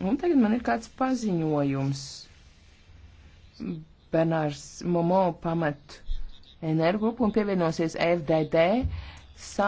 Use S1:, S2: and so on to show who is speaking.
S1: Un tagad man ir kāds paziņojums. Bernārs Momo pamat energrupu un pievienosies FDD. Sāk